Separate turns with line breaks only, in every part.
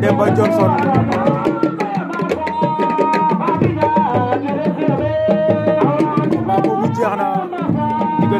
Demba Johnson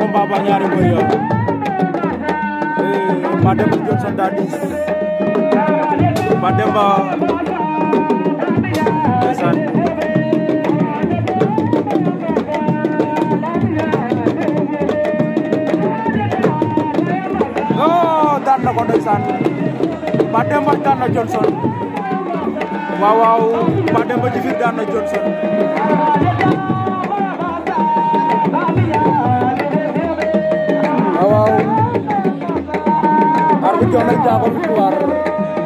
combat ba ñaari mbër ya eh, Mademba Dione Son Dadis Mademba ndeysaan oh daan na ko ndeysaan Mademba daan na Dione Son waaw waaw Mademba jifir daan na Dione
Son jox la jaabal
victoire